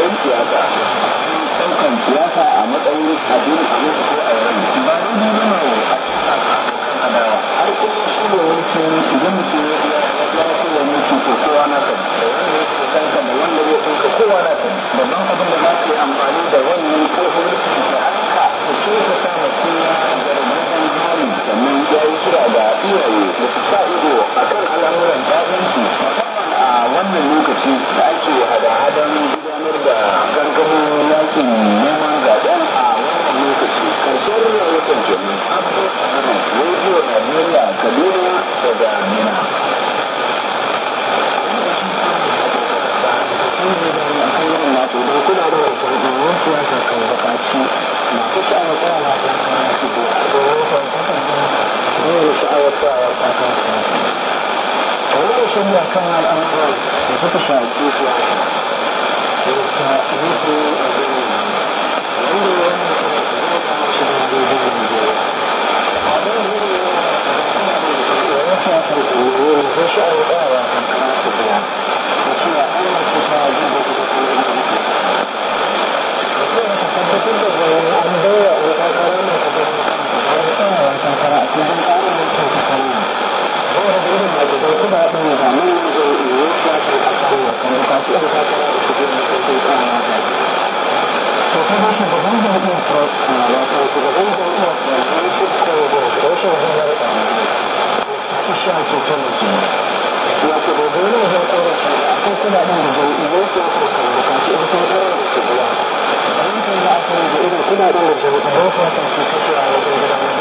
ɗan siyasa ɗaukan siyasa a matsayin abin yau ko a yau ba don nuna ma wa a cikin har kullum shi ne wani idan mutum ya ya ya ce wa mutum ko kowa na kan da wanda ya ce kanka da wanda ya ɗinka kowa na kan babban abin da za su yi amfani da wannan ƙofar da haka su ce ka sa mutum ya zargin hali sannan ya yi kira ga iyaye da su sa ido a kan al'amuran ɗayansu musamman a wannan lokaci da هو كما الأمر 方針、約50年の方向です。朝倉南部医療協会からの活動からですが、安全な遊びで今、今どうでしょうか、どうぞ、私はお願いします。